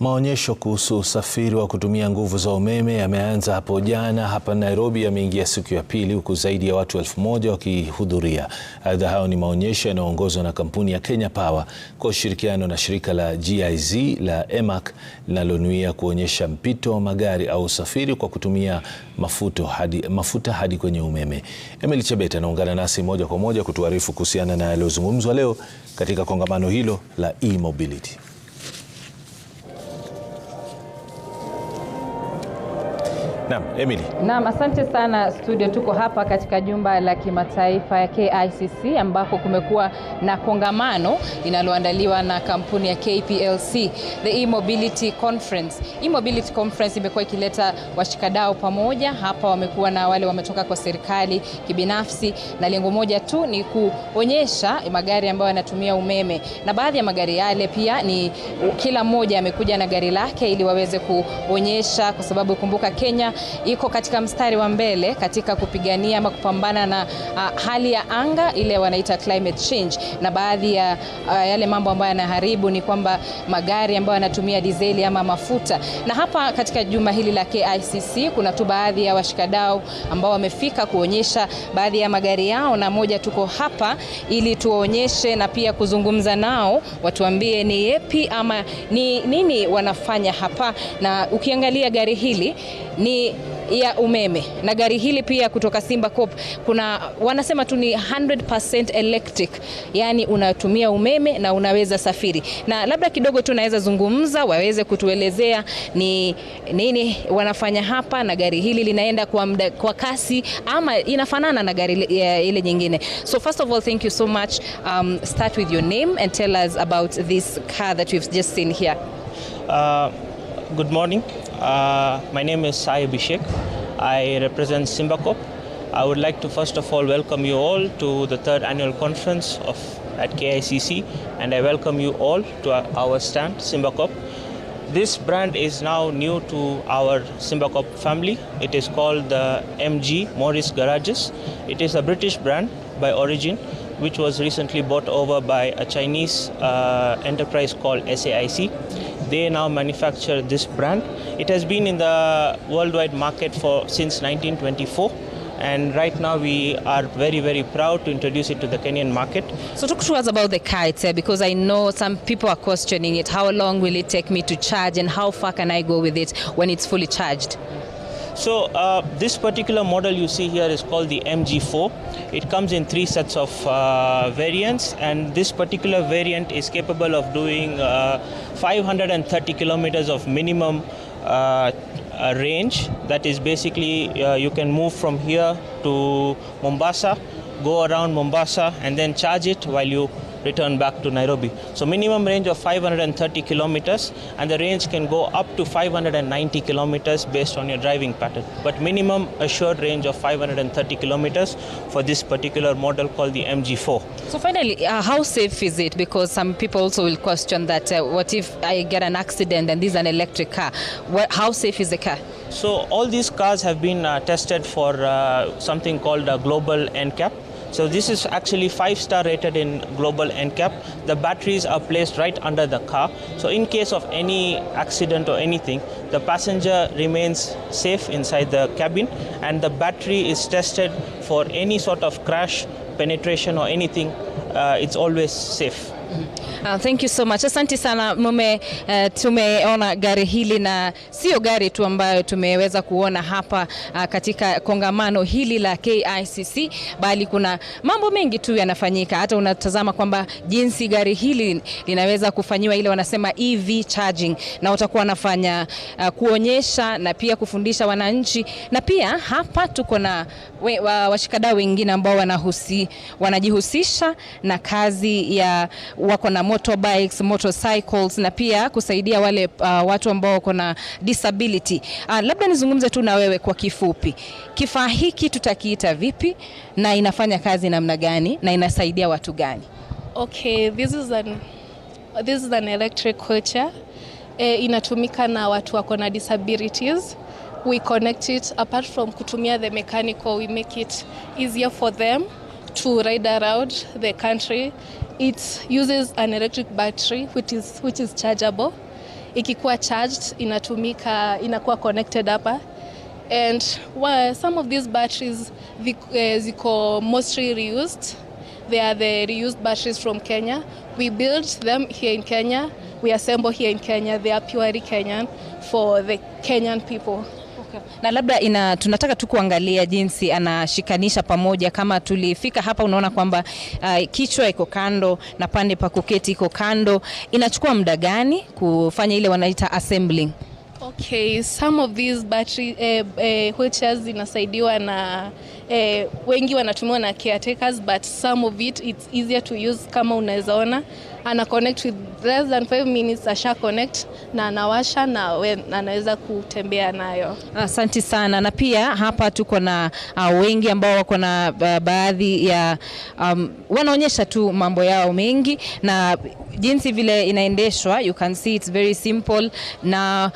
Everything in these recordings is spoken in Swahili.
Maonyesho kuhusu usafiri wa kutumia nguvu za umeme yameanza hapo jana hapa Nairobi, yameingia siku ya pili huku zaidi ya watu elfu moja wakihudhuria. Aidha, hayo ni maonyesho yanayoongozwa na kampuni ya Kenya Power kwa ushirikiano na shirika la GIZ la EMAC linalonuia kuonyesha mpito wa magari au usafiri kwa kutumia mafuto hadi, mafuta hadi kwenye umeme. Emily Chebet anaungana nasi moja kwa moja kutuarifu kuhusiana na yaliyozungumzwa leo katika kongamano hilo la e-mobility. Naam, Emily. Naam, asante sana studio. Tuko hapa katika jumba la kimataifa ya KICC ambako kumekuwa na kongamano linaloandaliwa na kampuni ya KPLC, the e-mobility conference. E-mobility conference imekuwa ikileta washikadau pamoja hapa, wamekuwa na wale wametoka kwa serikali, kibinafsi, na lengo moja tu ni kuonyesha magari ambayo yanatumia umeme, na baadhi ya magari yale pia ni kila mmoja amekuja na gari lake ili waweze kuonyesha, kwa sababu kumbuka Kenya iko katika mstari wa mbele katika kupigania ama kupambana na uh, hali ya anga ile wanaita climate change, na baadhi ya uh, yale mambo ambayo yanaharibu ni kwamba magari ambayo yanatumia dizeli ama mafuta. Na hapa katika juma hili la KICC kuna tu baadhi ya washikadau ambao wamefika kuonyesha baadhi ya magari yao, na moja tuko hapa ili tuwaonyeshe na pia kuzungumza nao, watuambie ni yepi ama ni nini wanafanya hapa, na ukiangalia gari hili ni ya umeme na gari hili pia kutoka Simba Corp kuna wanasema tu ni 100% electric, yani unatumia umeme na unaweza safiri. Na labda kidogo tu naweza zungumza, waweze kutuelezea ni nini wanafanya hapa, na gari hili linaenda kwa, mda, kwa kasi ama inafanana na gari ile nyingine. So first of all thank you so much um, start with your name and tell us about this car that we've just seen here. Uh, good morning Uh, my name is Sai Abhishek. I represent Simba Cop. I would like to first of all welcome you all to the third annual conference of at KICC, and I welcome you all to our, stand Simba Cop. This brand is now new to our Simba Cop family. It is called the MG Morris Garages. It is a British brand by origin, which was recently bought over by a Chinese uh, enterprise called SAIC they now manufacture this brand. It has been in the worldwide market for since 1924 and right now we are very very proud to introduce it to the Kenyan market. So talk to us about the car itself eh, because I know some people are questioning it. How long will it take me to charge and how far can I go with it when it's fully charged? So uh, this particular model you see here is called the MG4. It comes in three sets of uh, variants and this particular variant is capable of doing uh, 530 kilometers of minimum uh, uh, range. That is basically you can move from here to Mombasa, go around Mombasa and then charge it while you return back to Nairobi. So minimum range of 530 kilometers and the range can go up to 590 kilometers based on your driving pattern. But minimum assured range of 530 kilometers for this particular model called the MG4. So finally, uh, how safe is it? Because some people also will question that uh, what if I get an accident and this is an electric car? What, how safe is the car? So all these cars have been uh, tested for uh, something called a global NCAP so this is actually five star rated in global NCAP. The batteries are placed right under the car. So in case of any accident or anything, the passenger remains safe inside the cabin and the battery is tested for any sort of crash, penetration or anything. Uh, it's always safe. Uh, thank you so much. Asante sana mume. Uh, tumeona gari hili na sio gari tu ambayo tumeweza kuona hapa uh, katika kongamano hili la KICC, bali kuna mambo mengi tu yanafanyika. Hata unatazama kwamba jinsi gari hili linaweza kufanyiwa ile wanasema EV charging, na utakuwa nafanya uh, ah, kuonyesha na pia kufundisha wananchi, na pia hapa tuko na we, wa, washikadau wengine ambao wanahusi, wanajihusisha na kazi ya wako na motorbikes, motorcycles na pia kusaidia wale uh, watu ambao wako na disability. Uh, labda nizungumze tu na wewe kwa kifupi, kifaa hiki tutakiita vipi na inafanya kazi namna gani na inasaidia watu gani? Okay, this is an, this is an electric wheelchair. E, inatumika na watu wako na disabilities we connect it apart from kutumia the mechanical we make it easier for them to ride around the country It uses an electric battery which is, which is chargeable. Ikikuwa charged inatumika inakuwa connected hapa and well, some of these batteries eh, ziko mostly reused. They are the reused batteries from Kenya. We build them here in Kenya. We assemble here in Kenya. They are purely Kenyan for the Kenyan people na labda ina, tunataka tu kuangalia jinsi anashikanisha pamoja. Kama tulifika hapa, unaona kwamba uh, kichwa iko kando na pande pa kuketi iko kando. Inachukua muda gani kufanya ile wanaita assembling? Okay, some of these battery eh, eh, wheelchairs zinasaidiwa na eh, wengi wanatumiwa na caretakers but some of it it's easier to use. Kama unawezaona ana connect with less than 5 minutes, asha connect na anawasha na anaweza kutembea nayo. Asante sana, na pia hapa tuko na uh, wengi ambao wako na uh, baadhi ya um, wanaonyesha tu mambo yao mengi na jinsi vile inaendeshwa, you can see it's very simple, na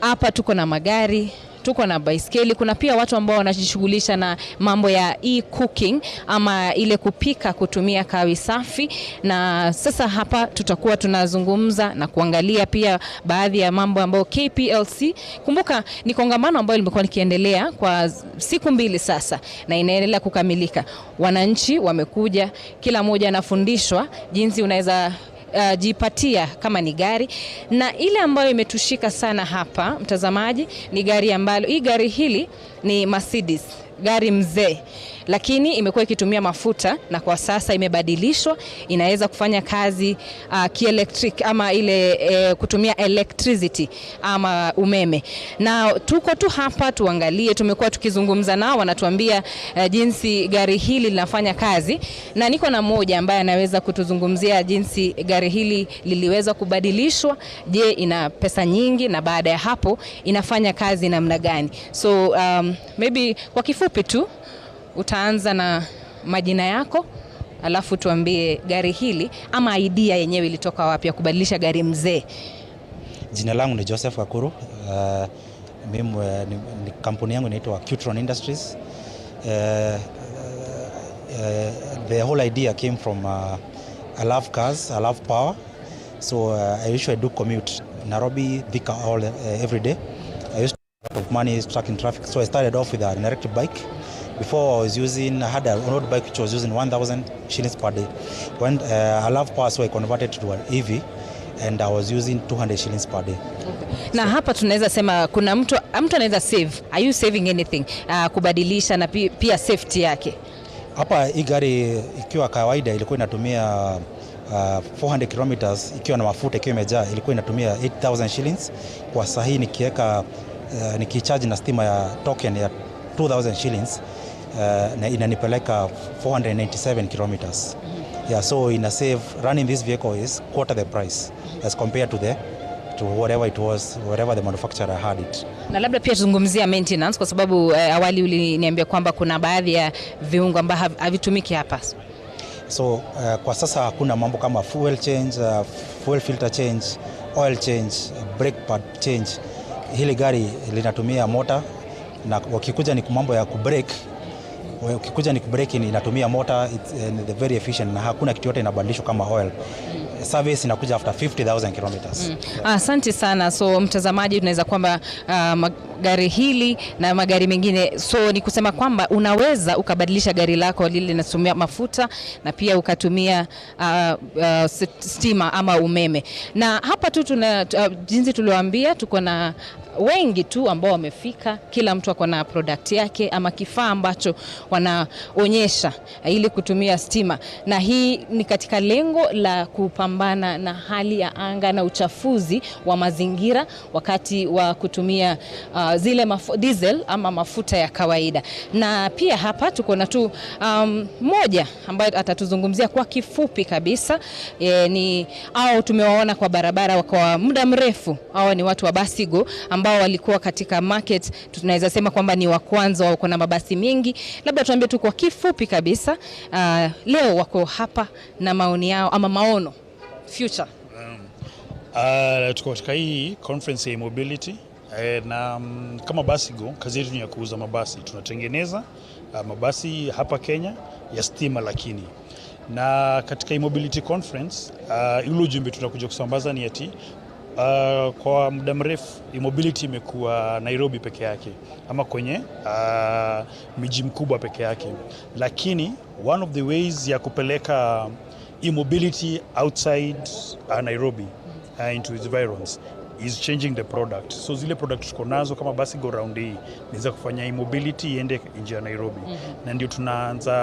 hapa tuko na magari tuko na baiskeli. Kuna pia watu ambao wanajishughulisha na mambo ya e-cooking ama ile kupika kutumia kawi safi, na sasa hapa tutakuwa tunazungumza na kuangalia pia baadhi ya mambo ambayo KPLC, kumbuka ni kongamano ambayo limekuwa likiendelea kwa siku mbili sasa na inaendelea kukamilika. Wananchi wamekuja, kila mmoja anafundishwa jinsi unaweza uh, jipatia kama ni gari, na ile ambayo imetushika sana hapa mtazamaji ni gari ambalo hii gari hili ni Mercedes, gari mzee lakini imekuwa ikitumia mafuta na kwa sasa imebadilishwa, inaweza kufanya kazi uh, kielectric ama ile eh, kutumia electricity ama umeme. Na tuko tu hapa tuangalie, tumekuwa tukizungumza nao, wanatuambia uh, jinsi gari hili linafanya kazi, na niko na mmoja ambaye anaweza kutuzungumzia jinsi gari hili liliweza kubadilishwa. Je, ina pesa nyingi na baada ya hapo inafanya kazi namna gani? So um, maybe kwa kifupi tu Utaanza na majina yako alafu tuambie gari hili ama idea yenyewe ilitoka wapi ya kubadilisha gari mzee. Jina langu ni Joseph wakuru Uh, mimi uh, ni kampuni yangu inaitwa Qtron Industries. Uh, uh, the whole idea came from uh, I love cars, I love power. So uh, I usually do commute Nairobi, Thika all uh, every day. I used to have a lot of money stuck in traffic. So I started off with an electric bike. Before I was using had a road bike which was using 1,000 shillings per day. When uh, I love pass, so I converted to an EV and I was using 200 shillings per day. na hapa tunaweza sema kuna mtu mtu anaweza save. Are you saving anything? Uh, kubadilisha na pia safety yake. Hapa hii gari ikiwa kawaida ilikuwa inatumia Uh, 400 kilometers ikiwa na mafuta ikiwa imejaa ilikuwa inatumia 8000 shillings. Kwa sahii nikiweka uh, nikicharge na stima ya token ya 2000 shillings Uh, na inanipeleka 497 kilometers. Yeah, so in a save running this vehicle is quarter the price as compared to the to whatever it was whatever the manufacturer had it. Na labda pia tuzungumzia maintenance kwa sababu uh, awali uliniambia kwamba kuna baadhi ya viungo ambavyo havitumiki hapa. So uh, kwa sasa hakuna mambo kama fuel change, uh, fuel filter change, oil change, brake pad change. Hili gari linatumia mota na wakikuja ni mambo ya kubrake ukikuja ni kubreak inatumia motor it's, uh, the very efficient na hakuna kitu yote inabadilishwa kama oil service inakuja after 50000 kilometers. Mm. Asante mm. yes. ah, sana. So mtazamaji, tunaweza kwamba uh, gari hili na magari mengine. So ni kusema kwamba unaweza ukabadilisha gari lako lile linatumia mafuta na pia ukatumia uh, uh, stima ama umeme. Na hapa tu tuna uh, jinsi tulioambia, tuko na wengi tu ambao wamefika. Kila mtu ako na product yake ama kifaa ambacho wanaonyesha ili kutumia stima, na hii ni katika lengo la kupambana na hali ya anga na uchafuzi wa mazingira wakati wa kutumia uh, Uh, zile mafu, diesel ama mafuta ya kawaida. Na pia hapa tuko na tu um, moja ambaye atatuzungumzia kwa kifupi kabisa e, ni au tumewaona kwa barabara kwa muda mrefu. Hawa ni watu wa Basigo ambao walikuwa katika market, tunaweza sema kwamba ni wa kwanza, wako na mabasi mengi. Labda tuambie tu kwa kifupi kabisa uh, leo wako hapa na maoni yao ama maono future. Um, uh, tuko katika hii conference ya mobility E, na mm, kama Basigo kazi yetu ni ya kuuza mabasi. Tunatengeneza ah, mabasi hapa Kenya ya stima, lakini na katika e-mobility conference yule ah, uh, ujumbe tunakuja kusambaza ni ati uh, kwa muda mrefu mobility imekuwa Nairobi peke yake ama kwenye uh, miji mkubwa peke yake, lakini one of the ways ya kupeleka e-mobility outside uh, Nairobi uh, into its environs is changing the product. So zile product tuko nazo kama basi go round hii niweza kufanya immobility mobility iende nje ya Nairobi mm -hmm. na ndio tunaanza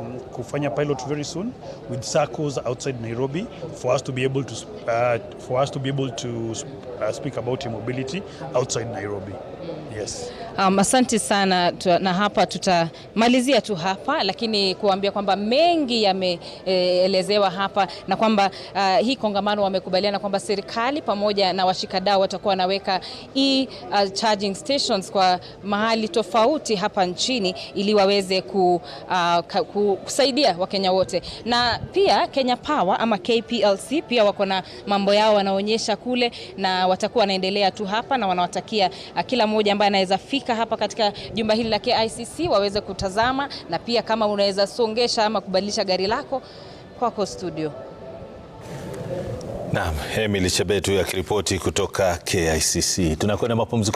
um, kufanya pilot very soon with circles outside Nairobi for us to be able to uh, for us to be able to uh, speak about immobility mobility outside Nairobi. Mm. Yes. Um, asante sana tu, na hapa tutamalizia tu hapa, lakini kuambia kwamba mengi yameelezewa e, hapa na kwamba uh, hii kongamano wamekubaliana kwamba serikali pamoja na washikadau watakuwa wanaweka e, uh, charging stations kwa mahali tofauti hapa nchini ili waweze ku, uh, kusaidia Wakenya wote, na pia Kenya Power ama KPLC pia wako na mambo yao wanaonyesha kule, na watakuwa wanaendelea tu hapa, na wanawatakia uh, kila mmoja ambaye anaweza fika kufika hapa katika jumba hili la KICC waweze kutazama, na pia kama unaweza songesha ama kubadilisha gari lako kwako studio. Naam, Emily Chebetu akiripoti kutoka KICC. Tunakwenda mapumziko.